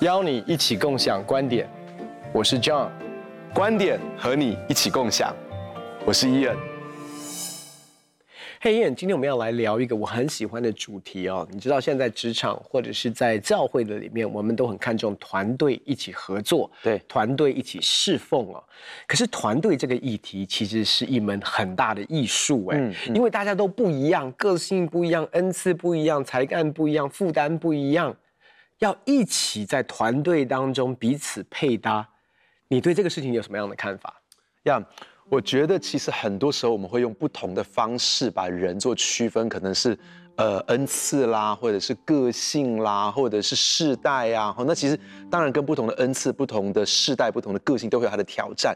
邀你一起共享觀點，我是 John，觀點和你一起共享，我是伊恩。黑燕，hey, 今天我們要來聊一個我很喜歡的主題哦。你知道現在職場或者是在教會的裡面，我們都很看重團隊一起合作，對，團隊一起侍奉哦。可是團隊這個議題其實是一門很大的藝術哎，嗯，嗯，因為大家都不一樣，個性不一樣，恩賜不一樣，才幹不一樣，負擔不一樣，要一起在團隊當中彼此配搭。你對這個事情有什麼樣的看法？要。Yeah. 我覺得其實很多時候我們會用不同的方式把人做區分，可能是呃恩賜啦，或者是個性啦，或者是世代啊。那其實當然跟不同的恩賜、不同的世代、不同的個性都會有它的挑戰。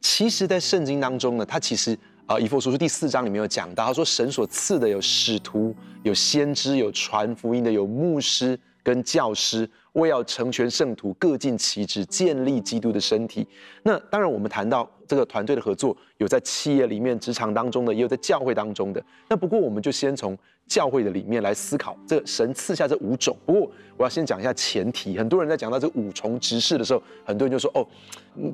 其實，在聖經當中呢，它其實呃以弗所書第四章裡面有講到，他說神所賜的有使徒、有先知、有傳福音的、有牧師跟教師，為要成全聖徒，各盡其職，建立基督的身體。那當然我們談到。這個團隊的合作有在企業裡面、職場當中的，也有在教會當中的。那不過我們就先從教會的裡面來思考，這個神賜下這五種。不過我要先講一下前提，很多人在講到這個五重職事的時候，很多人就說哦，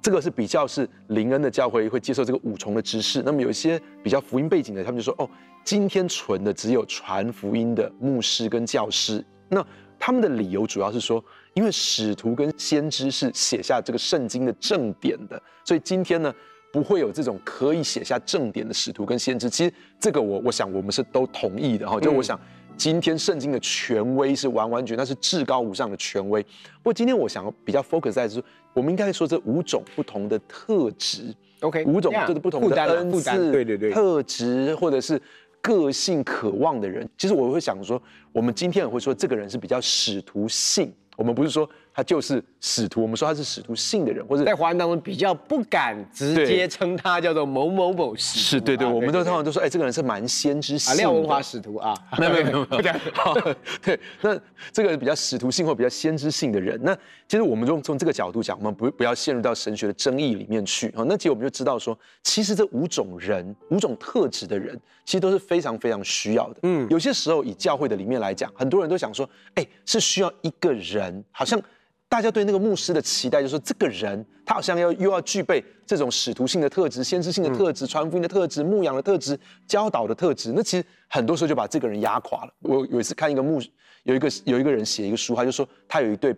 這個是比較是靈恩的教會會接受這個五重的職事。那麼有一些比較福音背景的，他們就說哦，今天存的只有傳福音的牧師跟教師。那他們的理由主要是說，因為使徒跟先知是寫下這個聖經的正典的，所以今天呢，不會有這種可以寫下正典的使徒跟先知。其實這個我我想我們是都同意的哈、哦。就我想，今天聖經的權威是完完全全，那是至高無上的權威。不過今天我想要比較 focus 在是說，我們應該說這五種不同的特質。OK，五種 yeah, 就是不同的恩賜 N 4，對對對，特質或者是。個性渴望的人，其實我會想說，我們今天也會說這個人是比較使徒性，我們不是說，他就是使徒，我們說他是使徒性的人，或者在華人當中比較不敢直接稱他叫做某某某、啊、是，對對，對，對對對我們都通常都說，哎、欸，這個人是蠻先知性，先知性的、啊。廖文華使徒啊，那有沒有，不講 對。對，那這個比較使徒性或比較先知性的人，那其實我們從從這個角度講，我們不不要陷入到神學的爭議裡面去。那其實我們就知道說，其實這五種人、五種特質的人，其實都是非常非常需要的。嗯，有些時候以教會的裡面來講，很多人都想說，哎、欸，是需要一個人，好像。大家對那個牧師的期待，就是說這個人他好像要又要具備這種使徒性的特質、先知性的特質、嗯、傳福音的特質、牧養的特、的特質、教導的特質。那其實很多時候就把這個人壓垮了。我有一次看一個牧，有一個有一個人寫一個書，他就說他有一對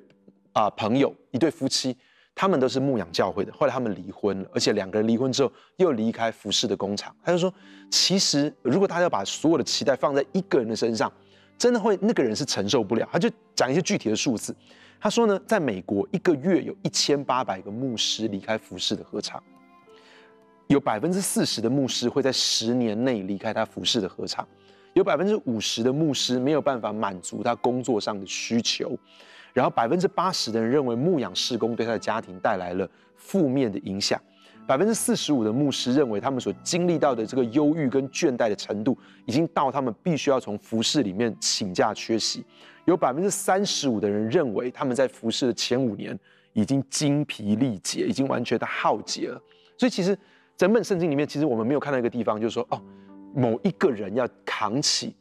啊、呃、朋友，一對夫妻，他們都是牧養教會的。後來他們離婚了，而且兩個人離婚之後又離開服侍的工廠。他就說，其實如果大家把所有的期待放在一個人的身上，真的會那個人是承受不了。他就講一些具體的數字。他說呢，在美國，一個月有一千八百個牧師離開服事的禾場，有百分之四十的牧師會在十年內離開他服事的禾場，有百分之五十的牧師沒有辦法滿足他工作上的需求，然後百分之八十的人認為牧養事工對他的家庭帶來了負面的影響。百分之四十五的牧師認為，他們所經歷到的這個憂鬱跟倦怠的程度，已經到他們必須要從服事裡面請假缺席有35。有百分之三十五的人認為，他們在服事的前五年已經精疲力竭，已經完全的耗竭了。所以，其實，整本聖經裡面，其實我們沒有看到一個地方，就是說，哦，某一個人要扛起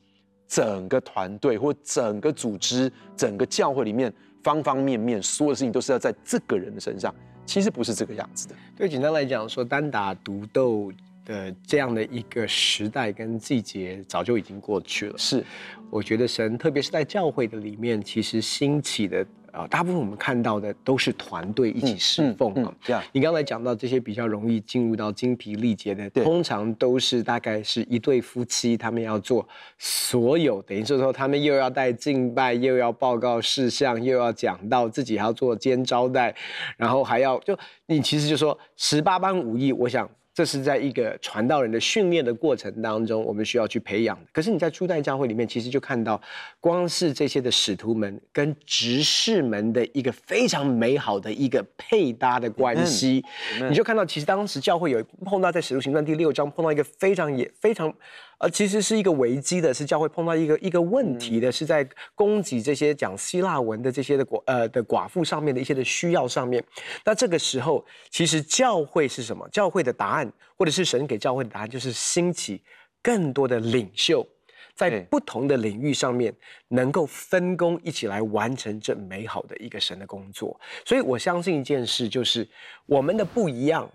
整個團隊，或整個組織、整個教會裡面方方面面所有事情，都是要在這個人的身上。其實不是這個樣子的。對，對今天來講，說單打獨鬥的這樣的一個時代跟季節，早就已經過去了。是，我覺得神，特別是在教會的裡面，其實興起的。啊、呃，大部分我們看到的都是團隊一起侍奉啊，嗯嗯嗯。這樣，你剛才講到這些比較容易進入到精疲力竭的，通常都是大概是一對夫妻，他們要做所有，對等於就是說他們又要帶敬拜，又要報告事項，又要講道，自己還要做兼招待，然後還要就你其實就說十八般武藝，我想。這是在一個傳道人的訓練的過程當中，我們需要去培養的。可是你在初代教會裡面，其實就看到，光是這些的使徒們跟執事們的一個非常美好的一個配搭的關係，你就看到，其實當時教會有碰到，在使徒行傳第六章碰到一個非常也非常。而其實是一個危機的，是教會碰到一個一個問題的，嗯、是在供給這些講希臘文的這些的寡呃的寡婦上面的一些的需要上面。那這個時候，其實教會是什麼？教會的答案，或者是神給教會的答案，就是興起更多的領袖，在不同的領域上面，嗯、能夠分工一起來完成這美好的一個神的工作。所以我相信一件事，就是我們的不一樣，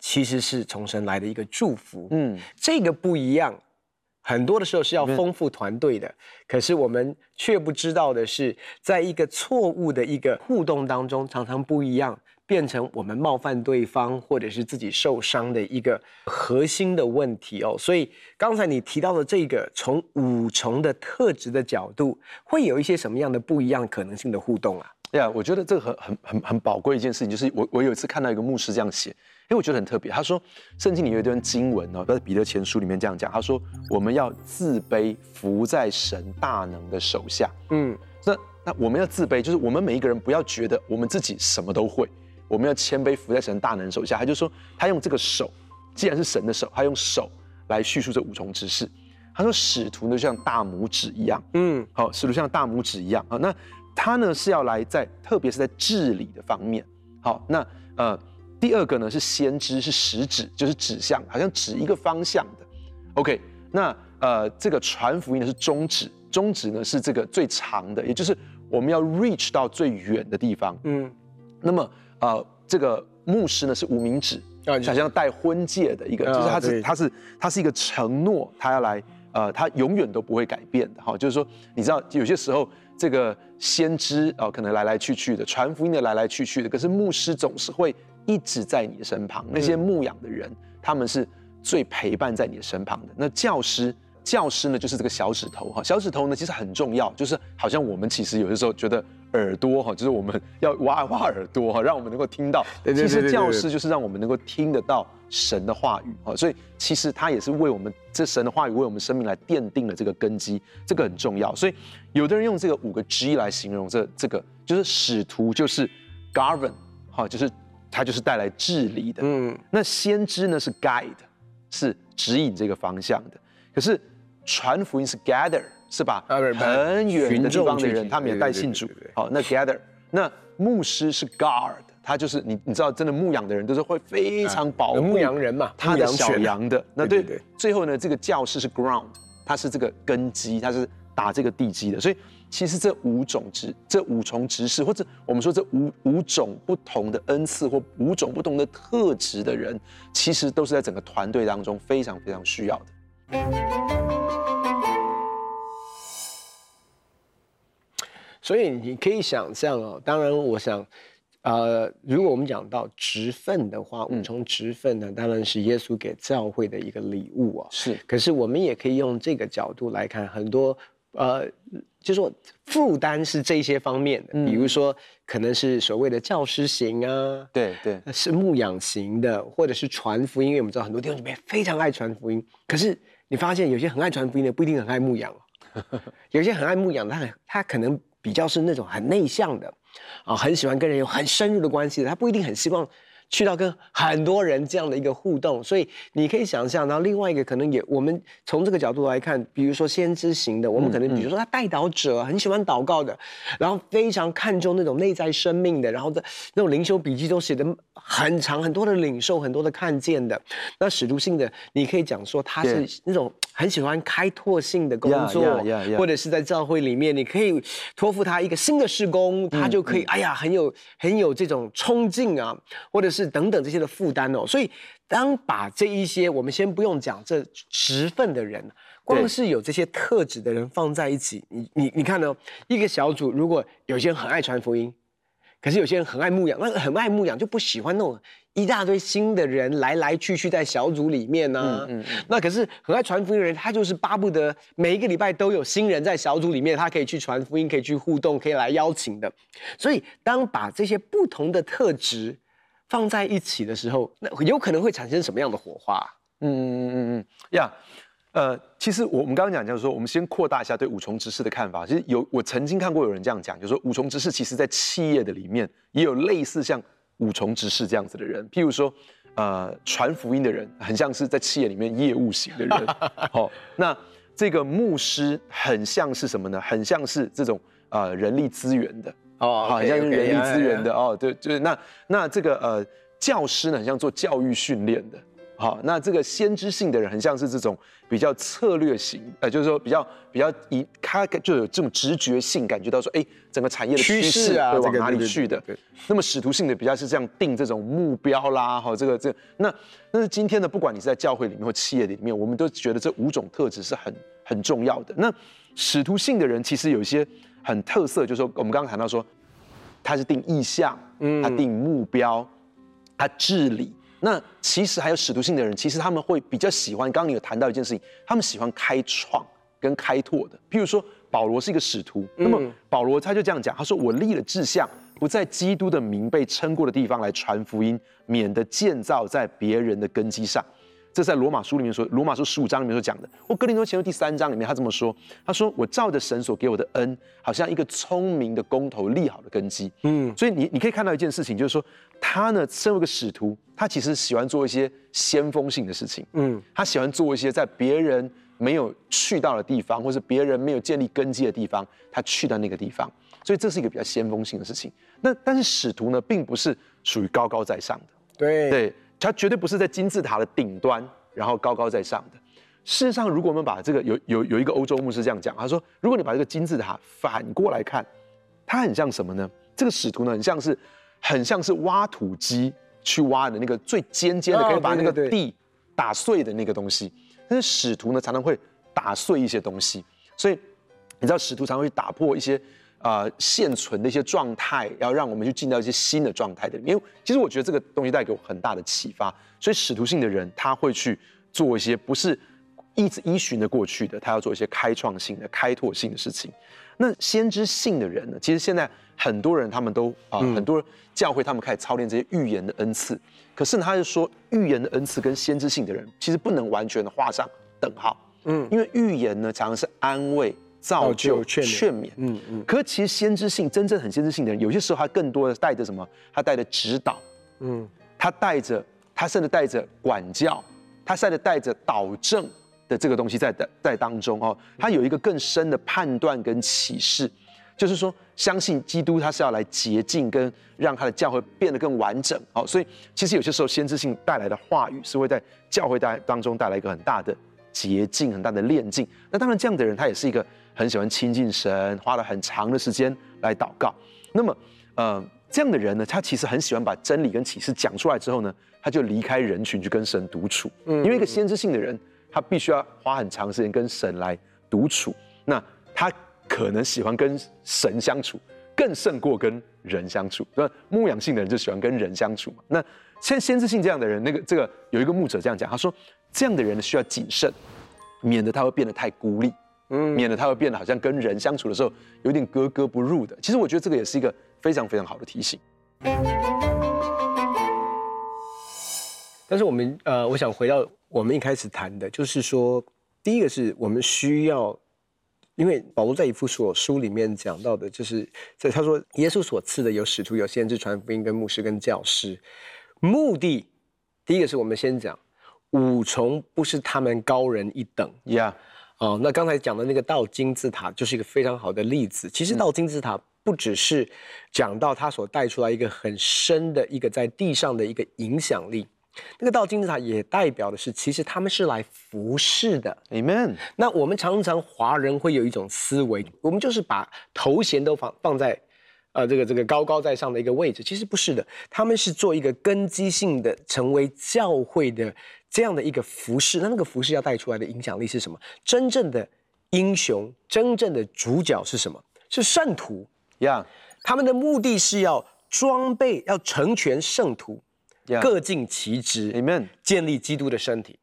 其實是從神來的一個祝福。嗯，這個不一樣。很多的時候是要豐富團隊的，可是我們卻不知道的是，在一個錯誤的一個互動當中，常常不一樣，變成我們冒犯對方，或者是自己受傷的一個核心的問題哦。所以剛才你提到的這個，從五重的特質的角度，會有一些什麼樣的不一樣可能性的互動啊？對啊，我覺得這個很很很很寶貴一件事情，就是我我有一次看到一個牧師這樣寫。因為我覺得很特別，他說聖經裡有一段經文哦，在彼得前書裡面這樣講，他說我們要自卑，服在神大能的手下。嗯，那那我們要自卑，就是我們每一個人不要覺得我們自己什麼都會，我們要謙卑服在神大能的手下。他就說他用這個手，既然是神的手，他用手來敘述這五重職事。他說使徒呢，就像大拇指一樣，嗯，好，使徒像大拇指一樣啊。那他呢是要來在，特別是在治理的方面。好，那呃。第二個呢是先知，是食指，就是指向，好像指一個方向的。OK，那呃，這個傳福音呢，是中指，中指呢是這個最長的，也就是我們要 reach 到最遠的地方。嗯，那麼呃，這個牧師呢是無名指，想象戴婚戒的一個，啊、就是他是對他是他是，他是一個承諾，他要來呃，他永遠都不會改變的哈、哦。就是說，你知道有些時候這個先知啊、呃，可能來來去去的，傳福音的來來去去的，可是牧師總是會。一直在你的身旁，那些牧養的人，他們是最陪伴在你的身旁的。那教師，教師呢，就是這個小指頭哈，小指頭呢其實很重要，就是好像我們其實有的時候覺得耳朵哈，就是我們要挖挖耳朵哈，讓我們能夠聽到。其實教師就是讓我們能夠聽得到神的話語哈，所以其實他也是為我們這神的話語為我們生命來奠定了這個根基，這個很重要。所以有的人用這個五個 G 來形容這這個，就是使徒就是 govern 哈，就是。就是他就是帶來治理的，嗯，那先知呢是 guide，是指引這個方向的。可是傳福音是 gather 是吧？啊、很遠的地方的人，他們也帶信主。好，那 gather，那牧師是 guard，他就是你你知道，真的牧羊的人都是會非常保護、啊、牧羊人嘛，他養小羊的。羊那對，對對對。最後呢，這個教師是 ground，它是這個根基，它是打這個地基的，所以。其實這五種職，這五重職事，或者我們說這五五種不同的恩賜或五種不同的特質的人，其實都是在整個團隊當中非常非常需要的。所以你可以想象哦，當然我想，呃，如果我們講到職分的話，五重職分呢，當然是耶穌給教會的一個禮物哦。是，可是我們也可以用這個角度來看很多。呃，就說負擔是這些方面的，嗯，比如說可能是所謂的教師型啊，對對，對是牧養型的，或者是傳福音。因為我們知道很多弟兄姊妹非常愛傳福音，可是你發現有些很愛傳福音的不一定很愛牧養哦。 有些很愛牧養的他，他他可能比較是那種很內向的，啊，很喜歡跟人有很深入的關係的，他不一定很希望。去到跟很多人這樣的一個互動，所以你可以想象。然後另外一個可能也，我們從這個角度來看，比如說先知型的，我們可能比如說他代禱者、嗯、很喜歡禱告的，然後非常看重那種內在生命的，然後的那種靈修筆記都寫得很長很多的領受很多的看見的。那使徒性的，你可以講說他是那種。很喜歡開拓性的工作，yeah, yeah, yeah, yeah. 或者是在教會裡面，你可以托付他一個新的事工，嗯、他就可以，哎呀，很有很有這種衝勁啊，或者是等等這些的負擔哦。所以，當把這一些我們先不用講這十份的人，光是有這些特質的人放在一起，對你你你看呢、哦？一個小組如果有些人很愛傳福音，可是有些人很愛牧養，那很愛牧養就不喜歡那種。一大堆新的人來來去去在小組裡面呢、啊，嗯嗯、那可是很愛傳福音的人，他就是巴不得每一個禮拜都有新人在小組裡面，他可以去傳福音，可以去互動，可以來邀請的。所以當把這些不同的特質放在一起的時候，那有可能會產生什麼樣的火花、嗯？嗯嗯嗯呀，yeah, 呃，其實我我們剛剛講，講，就是說，我們先擴大一下對五重職事的看法。其實有我曾經看過有人這樣講，就是說五重職事其實在企業的裡面也有類似像。五重職事這樣子的人，譬如說，呃，傳福音的人，很像是在企業裡面業務型的人，好、 哦，那這個牧師很像是什麼呢？很像是這種呃人力資源的，哦，oh, okay , okay, 很像是人力資源的，yeah, yeah, yeah. 哦，對，就是那那這個呃教師呢，很像做教育訓練的。好，嗯、那這個先知性的人很像是這種比較策略型，呃，就是說比較比較以，他就有這種直覺性感覺到說，哎、欸，整個產業的趨勢，趨勢啊往哪裡去的。那麼使徒性的比較是這樣定這種目標啦，哈、哦，這個這個、那那是今天的，不管你是在教會裡面或企業裡面，我們都覺得這五種特質是很很重要的。那使徒性的人其實有一些很特色，就是說我們剛剛談到說，他是定異象，他定目標，他治理。嗯那其實還有使徒性的人，其實他們會比較喜歡。剛剛你有談到一件事情，他們喜歡開創跟開拓的。譬如說保羅是一個使徒，那麼保羅他就這樣講，他說：“我立了志向，不在基督的名被稱過的地方來傳福音，免得建造在別人的根基上。”這是在羅馬書裡面說《羅馬書》裡面說，《羅馬書》十五章裡面所講的。我哥林多前書第三章裡面，他這麼說：“他說我照着神所給我的恩，好像一個聰明的工頭，立好的根基。”嗯，所以你你可以看到一件事情，就是說他呢，身為一個使徒，他其實喜歡做一些先鋒性的事情。嗯，他喜歡做一些在別人沒有去到的地方，或是別人沒有建立根基的地方，他去到那個地方。所以這是一個比較先鋒性的事情。那但是使徒呢，並不是屬於高高在上的。對對。對它絕對不是在金字塔的頂端，然後高高在上的。事實上，如果我們把這個有有有一個歐洲牧師這樣講，他說，如果你把這個金字塔反過來看，它很像什麼呢？這個使徒呢，很像是，很像是挖土機去挖的那個最尖尖的，可以把那個地打碎的那個東西。哦、對對對。但是使徒呢，常常會打碎一些東西。所以，你知道使徒常常會打破一些。啊、呃，現存的一些狀態，要讓我們去進到一些新的狀態的裡面。因為其實我覺得這個東西帶給我很大的啟發。所以使徒性的人，他會去做一些不是一直依循的過去的，他要做一些開創性的、開拓性的事情。那先知性的人呢？其實現在很多人他們都啊，呃嗯、很多教會他們開始操練這些預言的恩賜。可是呢，他就說，預言的恩賜跟先知性的人其實不能完全的畫上等號。嗯，因為預言呢，常常是安慰。造就勸勉，勸勉，嗯嗯，可其實先知性，真正很先知性的人，有些時候他更多的帶着什麼？他帶着指導，嗯，他帶着他甚至帶着管教，他甚至帶着導正的這個東西在的在當中哦，他有一個更深的判斷跟啟示，就是說相信基督他是要來潔淨跟讓他的教會變得更完整哦，所以其實有些時候先知性帶來的話語是會在教會帶當中帶來一個很大的。潔淨很大的煉境，那當然這樣的人他也是一個很喜歡親近神，花了很長的時間來禱告。那麼，呃，這樣的人呢，他其實很喜歡把真理跟啟示講出來之後呢，他就離開人群去跟神獨處。嗯，嗯，嗯，因為一個先知性的人，他必須要花很長時間跟神來獨處。那他可能喜歡跟神相處，更勝過跟人相處。對，牧養性的人就喜歡跟人相處。那。像先知性這樣的人，那個這個有一個牧者這樣講，他說這樣的人需要謹慎，免得他會變得太孤立，嗯，免得他會變得好像跟人相處的時候有點格格不入的。其實我覺得這個也是一個非常非常好的提醒。但是我們呃，我想回到我們一開始談的，就是說第一個是我們需要，因為保羅在以弗所書裡面講到的，就是在他說耶穌所賜的有使徒、有先知、傳福音、跟牧師、跟教師。目的，第一個是我們先講五重，不是他們高人一等，yeah，哦，那剛才講的那個倒金字塔就是一個非常好的例子。其實倒金字塔不只是講到他所帶出來一個很深的一個在地上的一個影響力，那個倒金字塔也代表的是，其實他們是來服侍的。Amen。那我們常常華人會有一種思維，我們就是把頭銜都放放在。啊、呃，這個這個高高在上的一個位置，其實不是的，他們是做一個根基性的，成為教會的這樣的一個服侍。那那個服侍要帶出來的影響力是什麼？真正的英雄，真正的主角是什麼？是聖徒。呀。Yeah. 他們的目的是要裝備，要成全聖徒，Yeah. 各盡其職。m Amen . e 建立基督的身體。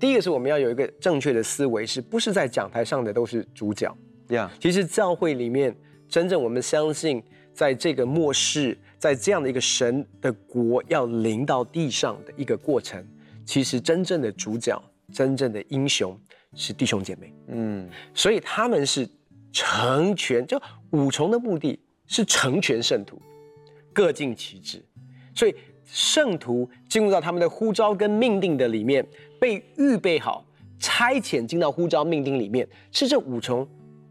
第一個是我們要有一個正確的思維，是不是在講台上的都是主角呀？Yeah. 其實教會裡面真正我們相信。在這個末世，在這樣的一個神的國要臨到地上的一個過程，其實真正的主角、真正的英雄是弟兄姐妹。嗯，所以他們是成全，就五重的目的是成全聖徒，各盡其職。所以聖徒進入到他們的呼召跟命定的裡面，被預備好，差遣進到呼召命定裡面，是這五重。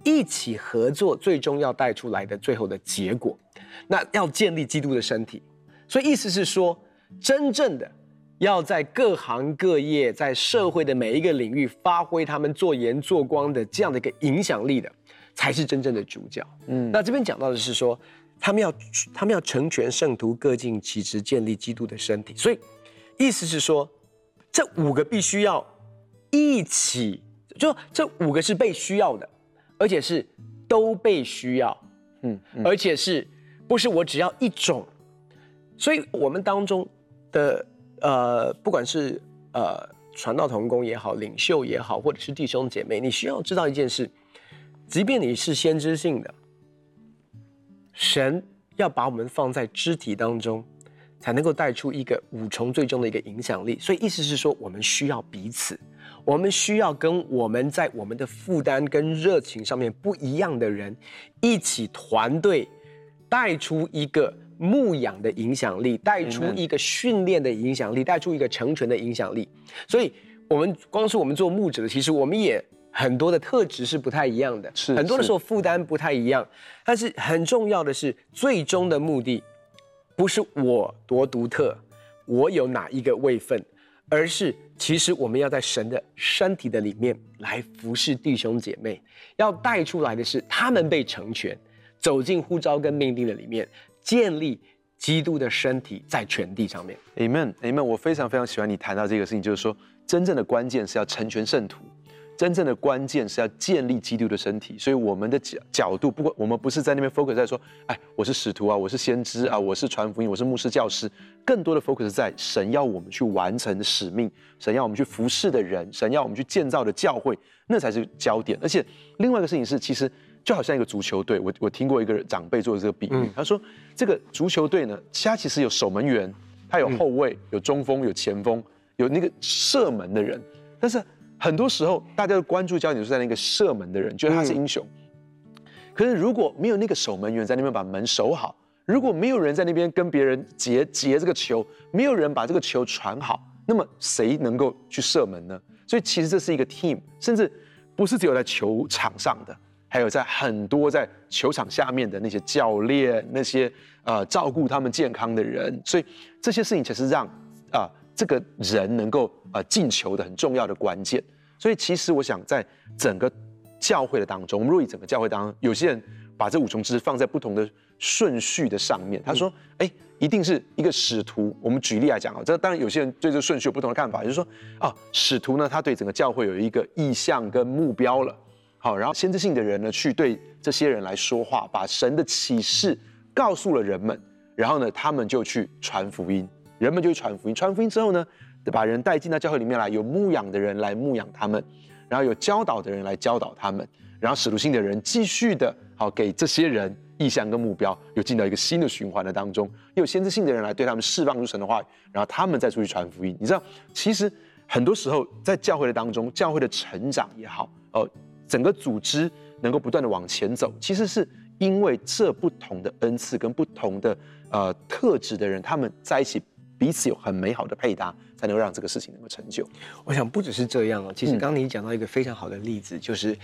一起合作，最終要帶出來的最後的結果，那要建立基督的身體。所以意思是說，真正的要在各行各業、在社會的每一個領域，發揮他們做鹽、做光的這樣的一個影響力的，才是真正的主角。嗯，那這邊講到的是說，他們要他們要成全聖徒，各盡其職，建立基督的身體。所以意思是說，這五個必須要一起，就這五個是被需要的。而且是都被需要，嗯，嗯，而且是不是我只要一種？所以我們當中的呃，不管是呃傳道同工也好，領袖也好，或者是弟兄姐妹，你需要知道一件事，即便你是先知性的，神要把我們放在肢體當中，才能夠帶出一個五重最終的一個影響力。所以意思是說，我們需要彼此。我們需要跟我們在我們的負擔跟熱情上面不一樣的人，一起團隊帶出一個牧養的影響力，帶出一個訓練的影響力，帶出一個成全的影響力。所以，我們光是我們做牧者的，其實我們也很多的特質是不太一樣的，很多的時候負擔不太一樣。但是很重要的是，最終的目的不是我多獨特，我有哪一個位份。而是，其實我們要在神的身體的裡面來服侍弟兄姐妹，要帶出來的是他們被成全，走進呼召跟命定的裡面，建立基督的身體在全地上面。阿門，阿門。我非常非常喜歡你談到這個事情，就是說，真正的關鍵是要成全聖徒。真正的關鍵是要建立基督的身體，所以我們的角角度，不管我們不是在那邊 focus 在說，哎，我是使徒啊，我是先知啊，我是傳福音，我是牧師教師，更多的 focus 在神要我們去完成使命，神要我們去服侍的人，神要我們去建造的教會，那才是焦點。而且另外一個事情是，其實就好像一個足球隊，我我聽過一個長輩做的這個比喻，嗯、他說這個足球隊呢，他其實有守門員，他有後衛，嗯、有中鋒，有前鋒，有那個射門的人，但是。很多時候，大家的關注焦點就是、在那個射門的人，覺得他是英雄。嗯、可是如果沒有那個守門員在那邊把門守好，如果沒有人在那邊跟別人截截這個球，沒有人把這個球傳好，那麼誰能夠去射門呢？所以其實這是一個 team，甚至不是只有在球場上的，還有在很多在球場下面的那些教練、那些呃照顧他們健康的人。所以這些事情才是讓啊。呃這個人能夠呃進球的很重要的關鍵，所以其實我想在整個教會的當中，我們若以整個教會當中，有些人把這五重職事放在不同的順序的上面。他說：“哎，一定是一個使徒。”我們舉例來講啊，這當然有些人對這個順序有不同的看法，就是說啊、哦，使徒呢，他對整個教會有一個異象跟目標了，好，然後先知性的人呢，去對這些人來說話，把神的啟示告訴了人們，然後呢，他們就去傳福音。人們就會傳福音，傳福音之後呢，把人帶進到教會裡面來，有牧養的人來牧養他們，然後有教導的人來教導他們，然後使徒性的人繼續的好給這些人異象跟目標，又進到一個新的循環的當中，又有先知性的人來對他們釋放出神的話語，然後他們再出去傳福音。你知道，其實很多時候在教會的當中，教會的成長也好，呃，整個組織能夠不斷的往前走，其實是因為這不同的恩賜跟不同的呃特質的人，他們在一起。彼此有很美好的配搭，才能讓這個事情能夠成就。我想不只是這樣哦、喔，其實剛你講到一個非常好的例子，嗯、就是，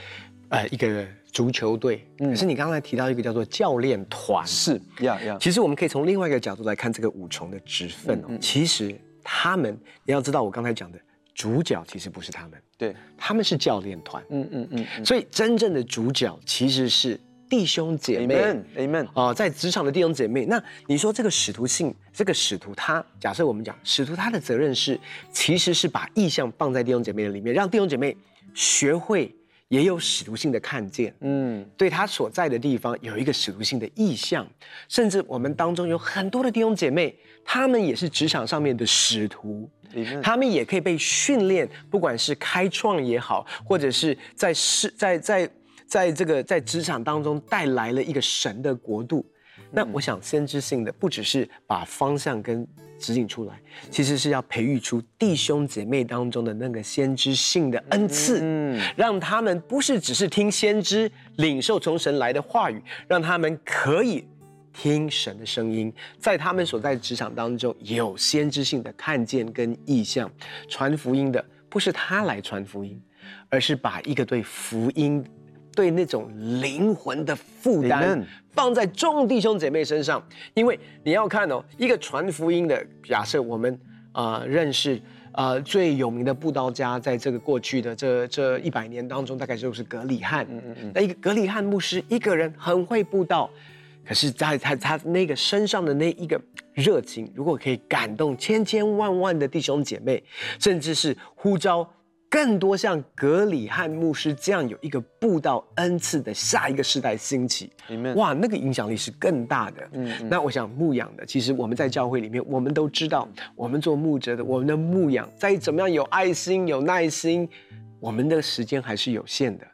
呃，一個足球隊，嗯，是你剛才提到一個叫做教練團，是，呀、yeah, 呀、yeah，其實我們可以從另外一個角度來看這個五重的職分哦、喔，嗯嗯，其實他們你要知道我，我剛才講的主角其實不是他們，對，他們是教練團，嗯，嗯嗯嗯，所以真正的主角其實是。弟兄姐妹 Amen、呃、在職場的弟兄姐妹，那你說這個使徒性，這個使徒他，他假設我們講使徒，他的責任是，其實是把意向放在弟兄姐妹的裡面，讓弟兄姐妹學會也有使徒性的看見，嗯，對他所在的地方有一個使徒性的意向，甚至我們當中有很多的弟兄姐妹，他們也是職場上面的使徒，嗯、他們也可以被訓練，不管是開創也好，或者是在是，在在。在這個在職場當中帶來了一個神的國度，那我想先知性的不只是把方向跟指引出來，其實是要培育出弟兄姐妹當中的那個先知性的恩賜，嗯，讓他們不是只是聽先知領受從神來的話語，讓他們可以聽神的聲音，在他們所在職場當中有先知性的看見跟異象。傳福音的不是他來傳福音，而是把一個對福音。對那種靈魂的負擔，放在眾弟兄姐妹身上，因為你要看哦，一個傳福音的，假設我們啊、呃、認識啊、呃、最有名的布道家，在這個過去的這這一百年當中，大概就是葛理翰。那一個葛理翰牧師一個人很會布道，可是在他他那個身上的那一個熱情，如果可以感動千千萬萬的弟兄姐妹，甚至是呼召。更多像葛理翰牧師這樣有一個布道恩賜的下一個世代興起，哇，那個影響力是更大的。嗯，嗯，那我想牧養的，其實我們在教會裡面，我們都知道，我們做牧者的，我們的牧養再怎麼樣有愛心、有耐心，我們的時間還是有限的。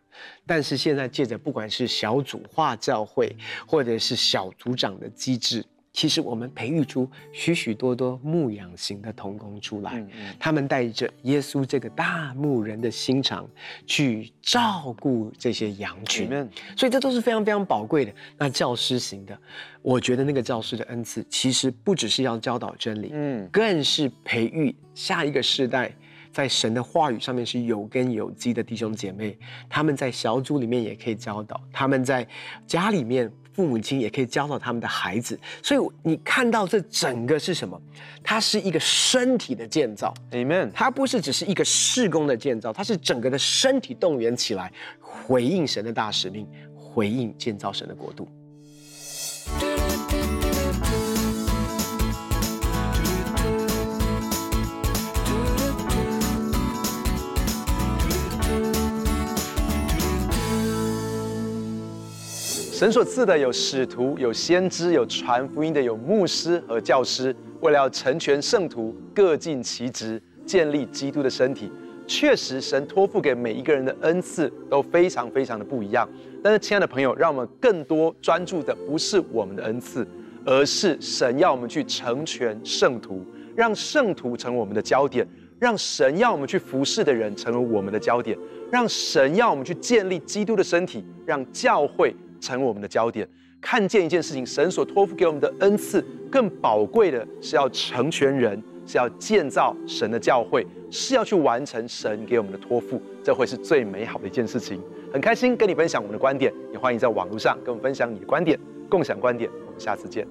但是現在借着不管是小組化教會或者是小組長的機制。其實我們培育出許許多多牧羊型的同工出來，他們帶着耶穌這個大牧人的心腸去照顧這些羊群，所以這都是非常非常寶貴的。那教師型的，我覺得那個教師的恩賜，其實不只是要教導真理，嗯，更是培育下一個世代在神的話語上面是有根有基的弟兄姐妹。他們在小組裡面也可以教導，他們在家裡面。父母親也可以教導他們的孩子，所以你看到這整個是什麼？它是一個身體的建造，Amen。它不是只是一個事工的建造，它是整個的身體動員起來，回應神的大使命，回應建造神的國度。神所賜的有使徒，有先知，有傳福音的，有牧師和教師，為了要成全聖徒，各盡其職，建立基督的身體。確實，神托付給每一個人的恩賜都非常非常的不一樣。但是，親愛的朋友，讓我們更多專注的不是我們的恩賜，而是神要我們去成全聖徒，讓聖徒成為我們的焦點，讓神要我們去服侍的人成為我們的焦點，讓神要我們去建立基督的身體，讓教會。成為我們的焦點，看見一件事情，神所託付給我們的恩賜，更寶貴的是要成全人，是要建造神的教會，是要去完成神給我們的託付，這會是最美好的一件事情。很開心跟你分享我們的觀點，也歡迎在網絡上跟我們分享你的觀點，共享觀點。我們下次見。